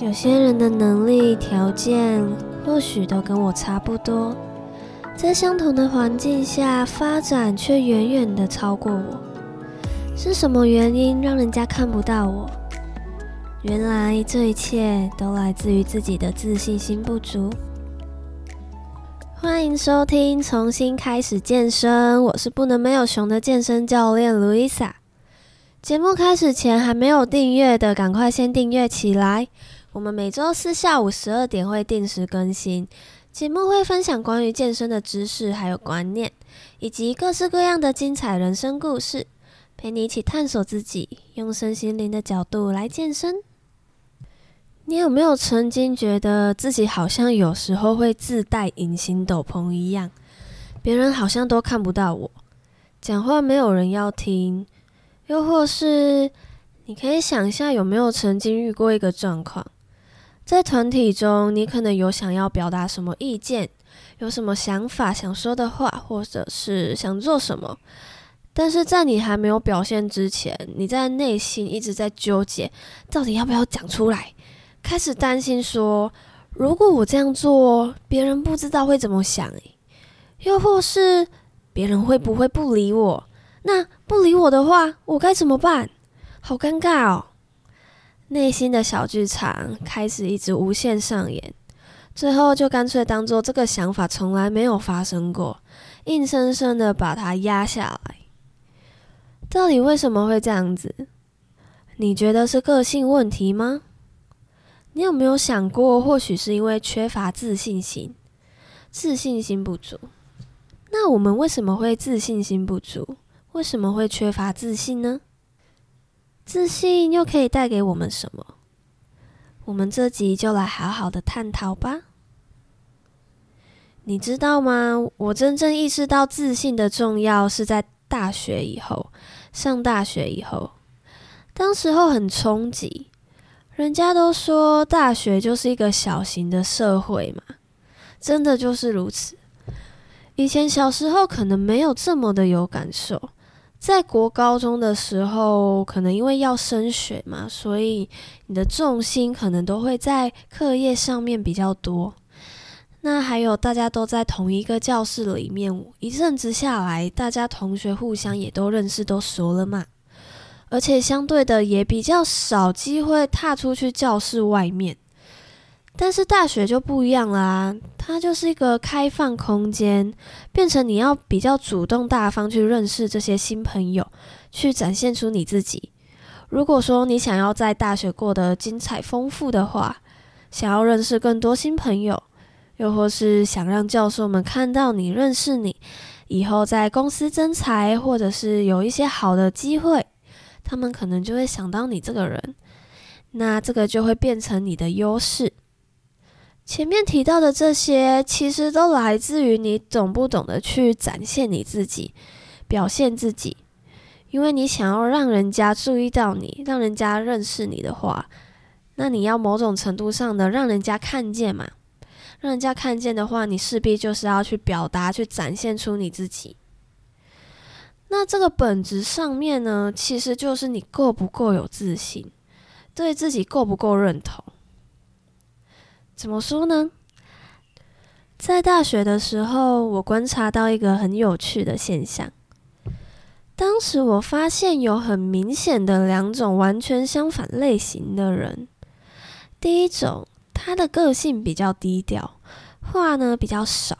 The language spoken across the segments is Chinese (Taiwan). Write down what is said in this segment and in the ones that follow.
有些人的能力條件或許都跟我差不多，在相同的環境下發展，卻遠遠的超過我。是什麼原因讓人家看不到我？原來這一切都來自於自己的自信心不足。歡迎收聽《重新開始健身》，我是不能沒有熊的健身教練 Louisa。節目開始前還沒有訂閱的，趕快先訂閱起來。我們每週四下午十二點會定時更新，節目會分享關於健身的知識，還有觀念，以及各式各樣的精彩人生故事，陪你一起探索自己，用身心靈的角度來健身。你有沒有曾經覺得自己好像有時候會自帶隱形斗篷一樣，別人好像都看不到我，講話沒有人要聽，又或是你可以想一下，有沒有曾經遇過一個狀況？在團體中，你可能有想要表達什麼意見，有什麼想法、想說的話，或者是想做什麼。但是在你還沒有表現之前，你在內心一直在糾結，到底要不要講出來？開始擔心說，如果我這樣做，別人不知道會怎麼想？欸，又或是別人會不會不理我？那不理我的話，我該怎麼辦？好尷尬哦。內心的小劇場開始一直無限上演，最後就乾脆當做這個想法從來沒有發生過，硬生生的把它壓下來。到底為什麼會這樣子？你覺得是個性問題嗎？你有沒有想過，或許是因為缺乏自信心，自信心不足。那我們為什麼會自信心不足？為什麼會缺乏自信呢？自信又可以帶給我們什麼？我們這集就來好好的探討吧。你知道嗎？我真正意識到自信的重要是在大學以後。上大學以後，當時候很衝擊。人家都說大學就是一個小型的社會嘛，真的就是如此。以前小時候可能沒有這麼的有感受。在國高中的時候，可能因為要升學嘛，所以你的重心可能都會在課業上面比較多。那還有大家都在同一個教室裡面，一陣子下來，大家同學互相也都認識，都熟了嘛。而且相對的也比較少機會踏出去教室外面。但是大學就不一樣啦、啊，它就是一個開放空間，變成你要比較主動大方去認識這些新朋友，去展現出你自己。如果說你想要在大學過得精彩豐富的話，想要認識更多新朋友，又或是想讓教授們看到你、認識你，以後在公司徵才，或者是有一些好的機會，他們可能就會想到你這個人，那這個就會變成你的優勢。前面提到的這些，其實都來自於你懂不懂得去展現你自己、表現自己。因為你想要讓人家注意到你、讓人家認識你的話，那你要某種程度上的讓人家看見嘛。讓人家看見的話，你勢必就是要去表達、去展現出你自己。那這個本質上面呢，其實就是你夠不夠有自信，對自己夠不夠認同。怎麼說呢？在大學的時候，我觀察到一個很有趣的現象。當時我發現有很明顯的兩種完全相反類型的人。第一種，他的個性比較低調，話呢比較少，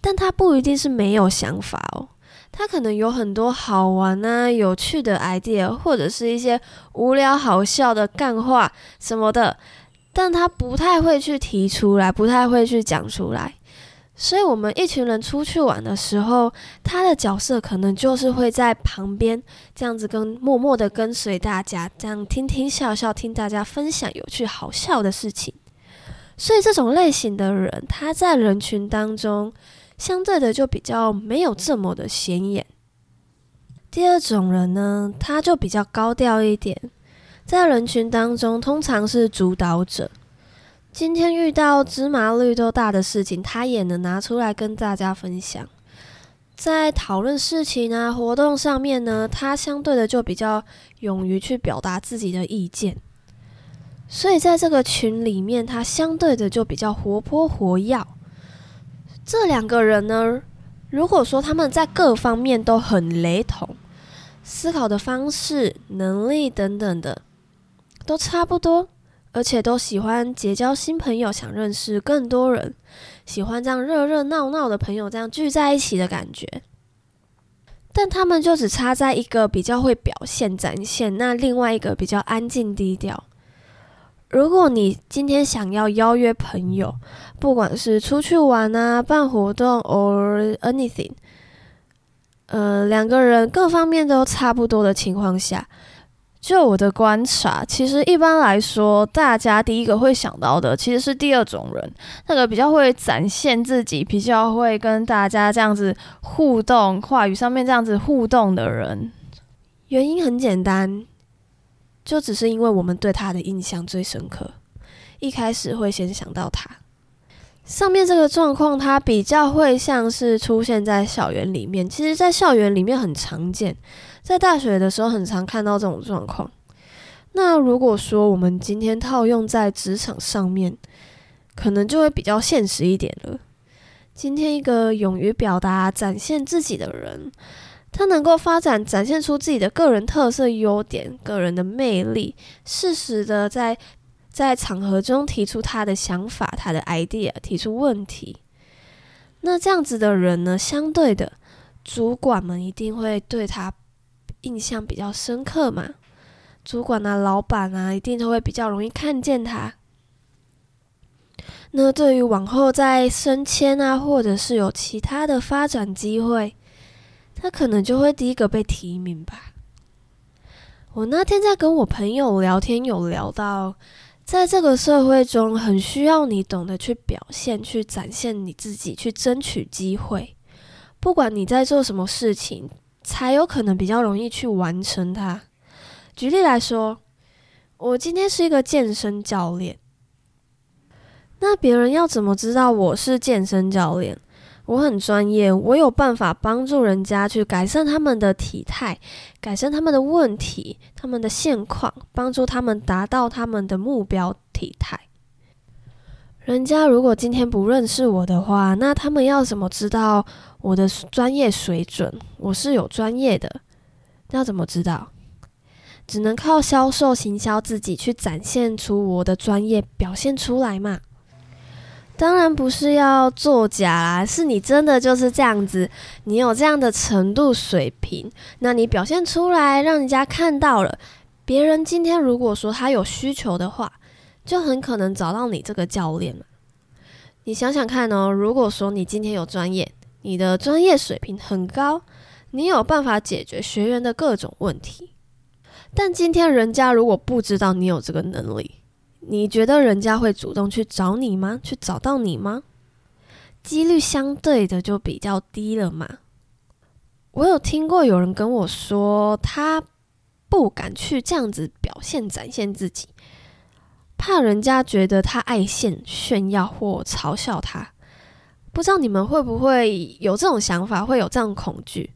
但他不一定是沒有想法哦，他可能有很多好玩啊、有趣的 idea，或者是一些無聊好笑的乾話什麼的。但他不太會去提出來，不太會去講出來，所以我們一群人出去玩的時候，他的角色可能就是會在旁邊這樣子跟默默的跟隨大家，這樣聽聽笑笑，聽大家分享有趣好笑的事情。所以這種類型的人，他在人群當中相對的就比較沒有這麼的顯眼。第二種人呢，他就比較高調一點。在人群當中，通常是主導者。今天遇到芝麻綠豆大的事情，他也能拿出來跟大家分享。在討論事情啊、活動上面呢，他相對的就比較勇於去表達自己的意見。所以在這個群裡面，他相對的就比較活潑活躍。這兩個人呢，如果說他們在各方面都很雷同，思考的方式、能力等等的，都差不多，而且都喜歡結交新朋友，想認識更多人，喜歡這樣熱熱鬧鬧的朋友，這樣聚在一起的感覺。但他們就只差在一個比較會表現展現，那另外一個比較安靜低調。如果你今天想要邀約朋友，不管是出去玩啊、辦活動 or anything，呃，兩個人各方面都差不多的情況下。就我的觀察，其實一般來說，大家第一個會想到的其實是第二種人，那個比較會展現自己，比較會跟大家這樣子互動，話語上面這樣子互動的人。原因很簡單，就只是因為我們對他的印象最深刻，一開始會先想到他。上面這個狀況，他比較會像是出現在校園裡面，其實在校園裡面很常見。在大學的時候，很常看到這種狀況。那如果說我們今天套用在職場上面，可能就會比較現實一點了。今天一個勇於表達、展現自己的人，他能夠發展、展現出自己的個人特色、優點、個人的魅力，適時的在在場合中提出他的想法、他的 idea，提出問題。那這樣子的人呢，相對的，主管們一定會對他印象比較深刻嘛，主管啊、老闆啊，一定都會比較容易看見他。那對於往後再升遷啊，或者是有其他的發展機會，他可能就會第一個被提名吧。我那天在跟我朋友聊天，有聊到，在這個社會中，很需要你懂得去表現、去展現你自己，去爭取機會，不管你在做什麼事情，才有可能比較容易去完成它。舉例來說，我今天是一個健身教練，那別人要怎麼知道我是健身教練？我很專業，我有辦法幫助人家去改善他們的體態，改善他們的問題、他們的現況，幫助他們達到他們的目標體態。人家如果今天不認識我的話，那他們要怎麼知道？我的專業水準，我是有專業的，那怎麼知道？只能靠銷售行銷自己去展現出我的專業，表現出來嘛。當然不是要作假啦，是你真的就是這樣子，你有這樣的程度水平，那你表現出來，讓人家看到了，別人今天如果說他有需求的話，就很可能找到你這個教練嘛。你想想看哦，如果說你今天有專業。你的專業水平很高，你有辦法解決學員的各種問題。但今天人家如果不知道你有這個能力，你覺得人家會主動去找你嗎？去找到你嗎？幾率相對的就比較低了嘛。我有聽過有人跟我說，他不敢去這樣子表現展現自己，怕人家覺得他愛現、炫耀或嘲笑他。不知道你們會不會有這種想法，會有這種恐懼，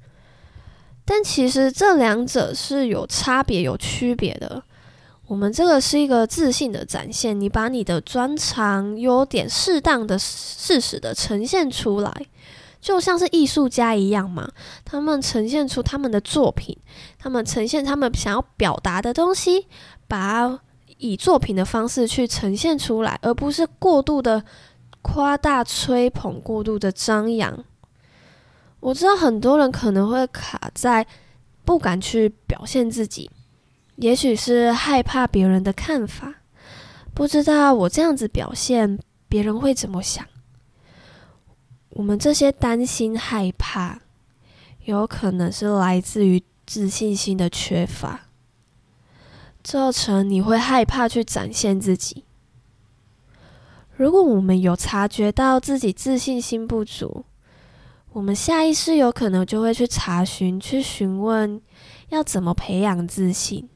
但其實這兩者是有差別、有區別的。我們這個是一個自信的展現，你把你的專長、優點適當的、事實的呈現出來，就像是藝術家一樣嘛，他們呈現出他們的作品，他們呈現他們想要表達的東西，把以作品的方式去呈現出來，而不是過度的。誇大吹捧、過度的張揚，我知道很多人可能會卡在不敢去表現自己，也許是害怕別人的看法，不知道我這樣子表現別人會怎麼想。我們這些擔心、害怕，有可能是來自於自信心的缺乏，造成你會害怕去展現自己。如果我們有察覺到自己自信心不足，我們下意識有可能就會去查詢、去詢問要怎麼培養自信。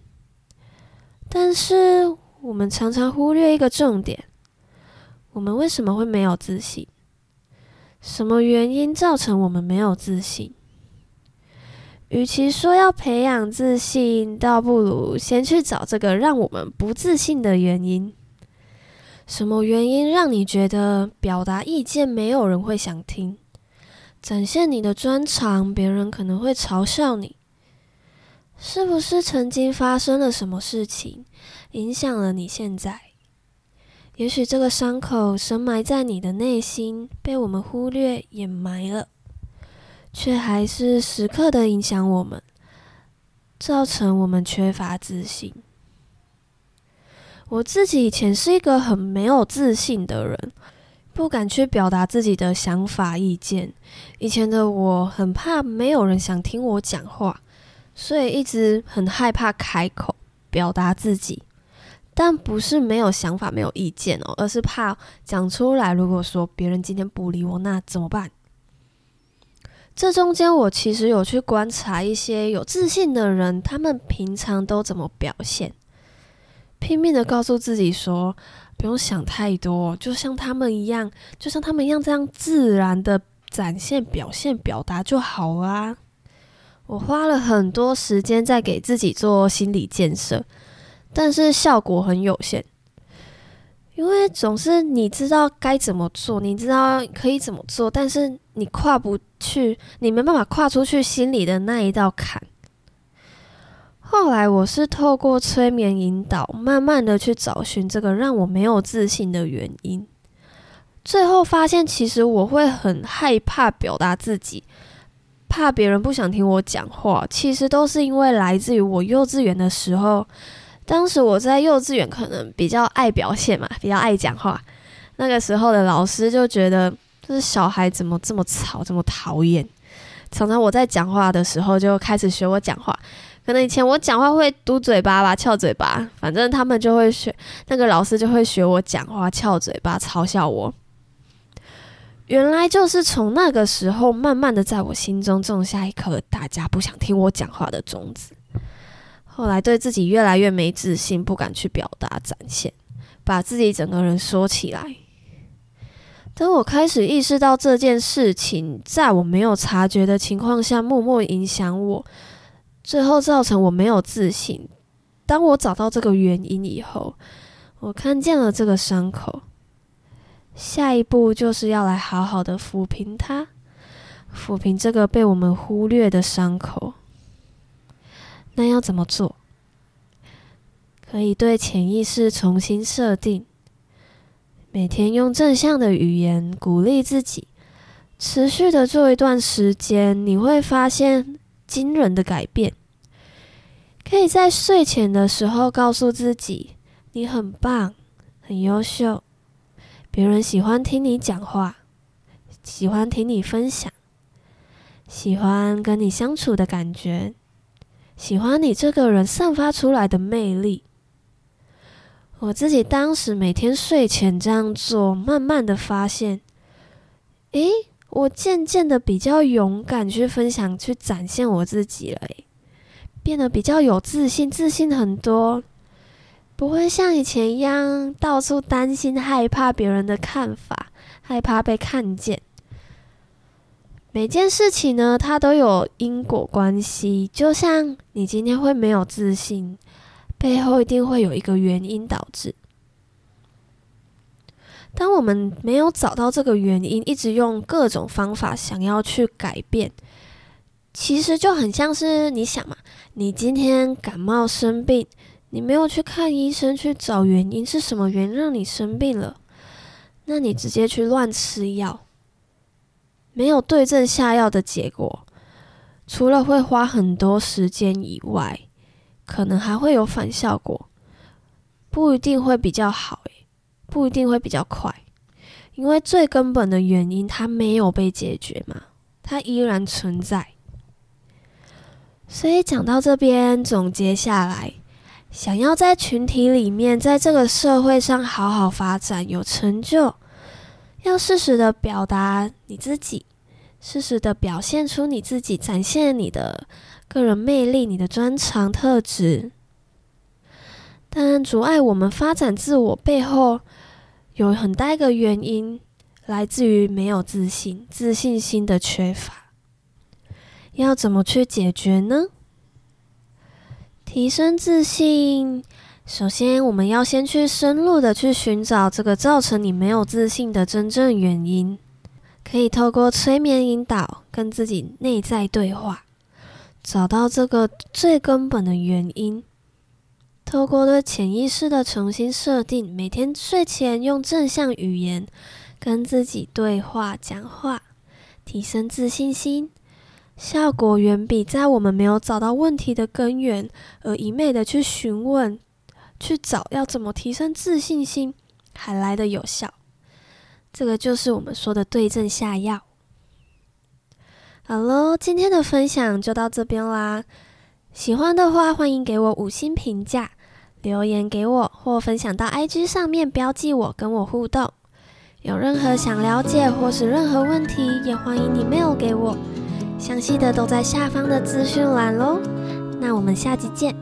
但是我們常常忽略一個重點：我們為什麼會沒有自信？什麼原因造成我們沒有自信？與其說要培養自信，倒不如先去找這個讓我們不自信的原因。什麼原因讓你覺得表達意見沒有人會想聽？展現你的專長，別人可能會嘲笑你。是不是曾經發生了什麼事情，影響了你現在？也許這個傷口深埋在你的內心，被我們忽略掩埋了，卻還是時刻的影響我們，造成我們缺乏自信。我自己以前是一個很沒有自信的人，不敢去表達自己的想法、意見。以前的我很怕沒有人想聽我講話，所以一直很害怕開口表達自己。但不是沒有想法、沒有意見哦，而是怕講出來，如果說別人今天不理我，那怎麼辦？這中間我其實有去觀察一些有自信的人，他們平常都怎麼表現。拼命的告訴自己說，不用想太多，就像他們一樣，就像他們一樣，這樣自然的展現、表現、表達就好啊。我花了很多時間在給自己做心理建設，但是效果很有限，因為總是你知道該怎麼做，你知道可以怎麼做，但是你跨不去，你沒辦法跨出去心裡的那一道坎。後來我是透過催眠引導，慢慢的去找尋這個讓我沒有自信的原因。最後發現，其實我會很害怕表達自己，怕別人不想聽我講話。其實都是因為來自於我幼稚園的時候，當時我在幼稚園可能比較愛表現嘛，比較愛講話。那個時候的老師就覺得，就是小孩怎麼這麼吵，這麼討厭。常常我在講話的時候，就開始學我講話。可能以前我講話會嘟嘴巴吧，翹嘴巴，反正他們就會學，那個老師就會學我講話，翹嘴巴，嘲笑我。原來就是從那個時候，慢慢的在我心中種下一顆大家不想聽我講話的種子。後來對自己越來越沒自信，不敢去表達展現，把自己整個人縮起來。當我開始意識到這件事情，在我沒有察覺的情況下，默默影響我。最後造成我沒有自信。當我找到這個原因以後，我看見了這個傷口。下一步就是要來好好的撫平它，撫平這個被我們忽略的傷口。那要怎麼做？可以對潛意識重新設定，每天用正向的語言鼓勵自己，持續的做一段時間，你會發現，驚人的改變，可以在睡前的時候告訴自己：“你很棒，很優秀。”別人喜歡聽你講話，喜歡聽你分享，喜歡跟你相處的感覺，喜歡你這個人散發出來的魅力。我自己當時每天睡前這樣做，慢慢的發現，誒、欸我漸漸的比較勇敢去分享、去展現我自己了欸，變得比較有自信，自信很多，不會像以前一樣到處擔心、害怕別人的看法，害怕被看見。每件事情呢，它都有因果關係，就像你今天會沒有自信，背後一定會有一個原因導致。當我們沒有找到這個原因，一直用各種方法想要去改變，其實就很像是你想嘛、啊，你今天感冒生病，你沒有去看醫生，去找原因是什麼原因讓你生病了，那你直接去亂吃藥，沒有對症下藥的結果，除了會花很多時間以外，可能還會有反效果，不一定會比較好哎。不一定會比較快，因為最根本的原因，它沒有被解決嘛，它依然存在。所以講到這邊，總結下來，想要在群體裡面，在這個社會上好好發展、有成就，要適時的表達你自己，適時的表現出你自己，展現你的個人魅力、你的專長特質。但阻礙我們發展自我背後，有很大一個原因來自於沒有自信、自信心的缺乏。要怎麼去解決呢？提升自信，首先我們要先去深入的去尋找這個造成你沒有自信的真正原因，可以透過催眠引導，跟自己內在對話，找到這個最根本的原因。透過對潛意識的重新設定，每天睡前用正向語言跟自己對話、講話，提升自信心，效果遠比在我們沒有找到問題的根源而一昧的去詢問、去找要怎麼提升自信心還來得有效。這個就是我們說的對症下藥。好嘍，今天的分享就到這邊啦。喜歡的話，歡迎給我五星評價。留言給我，或分享到 IG 上面標記我，跟我互動。有任何想了解或是任何問題，也歡迎你 mail 給我。詳細的都在下方的資訊欄嘍。那我們下集見，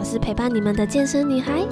我是陪伴你們的健身女孩。